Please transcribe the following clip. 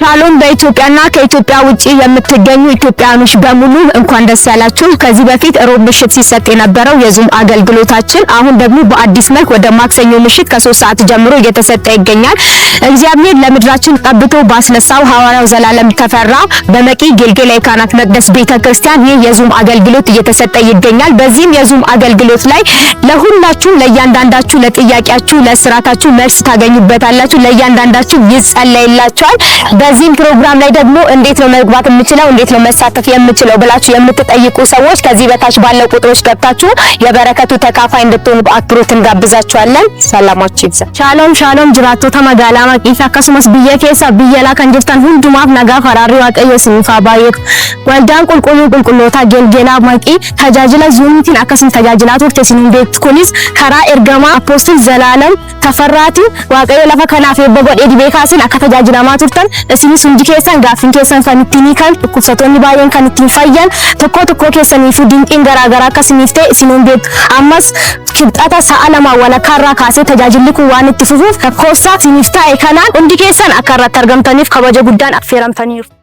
ሻሎም በኢትዮጵያና ከኢትዮጵያ ውጪ የምትገኙ ኢትዮጵያኖች በሙሉ እንኳን ደስ ያላችሁ። ከዚህ በፊት ሮብ ምሽት ሲሰጥ የነበረው የዙም አገልግሎታችን አሁን ደግሞ በአዲስ መልክ ወደ ማክሰኞ ምሽት ከሶስት ሰዓት ጀምሮ እየተሰጠ ይገኛል። እግዚአብሔር ለምድራችን ቀብቶ ባስነሳው ሐዋርያው ዘላለም ተፈራ በመቂ ጌልጌላ የካህናት መቅደስ ቤተክርስቲያን ይህ የዙም አገልግሎት እየተሰጠ ይገኛል። በዚህም የዙም አገልግሎት ላይ ለሁላችሁ ለእያንዳንዳችሁ ለጥያቄያችሁ ለስራታችሁ መልስ ታገኙበታላችሁ። ለእያንዳንዳችሁ ይጸለይላችኋል። በዚህም ፕሮግራም ላይ ደግሞ እንዴት ነው መግባት የምችለው እንዴት ነው መሳተፍ የምችለው ብላችሁ የምትጠይቁ ሰዎች ከዚህ በታች ባለው ቁጥሮች ገብታችሁ የበረከቱ ተካፋይ እንድትሆኑ በአክብሮት እንጋብዛችኋለን። ሰላማችሁ ይብዛ። ሻሎም ሻሎም ጅራቶ መጋላ መቂሳ አከሱመስ ብየ ኬሳ ብየላ ከንጅርተን ሁንዱማፍ ነጋ ፈራሪ ዋቀየ ሲንፋ ባየቱ ወልዳን ቁልቁሉ ቁልቁሎታ ጌልጌላ ማቂ ተጃጅለ ዙኒቲን አከሱም ተጃጅላት ወቅቴ ሲኒን ቤት ኩኒስ ከራ ኤርገማ አፖስትል ዘላለም kaffarraati waaqayyo lafa kanaaf eebba godhee dhibee kaasin akka tajaajilamaa turtan isinis hundi keessan gaaffiin keessan kan ittiin hiikan dhukkubsattoonni baay'een kan ittiin fayyan tokko tokko keessaniifuu dinqiin garaagaraa akkasiniif ta'e isin hin beektu ammas kibxata sa'a lamaan walakkaa irraa kaasee tajaajilli kun waan itti fufuuf lakkoofsa isiniif ta'e kanaan hundi keessan akka irratti argamtaniif kabaja guddaan affeeramtaniiru.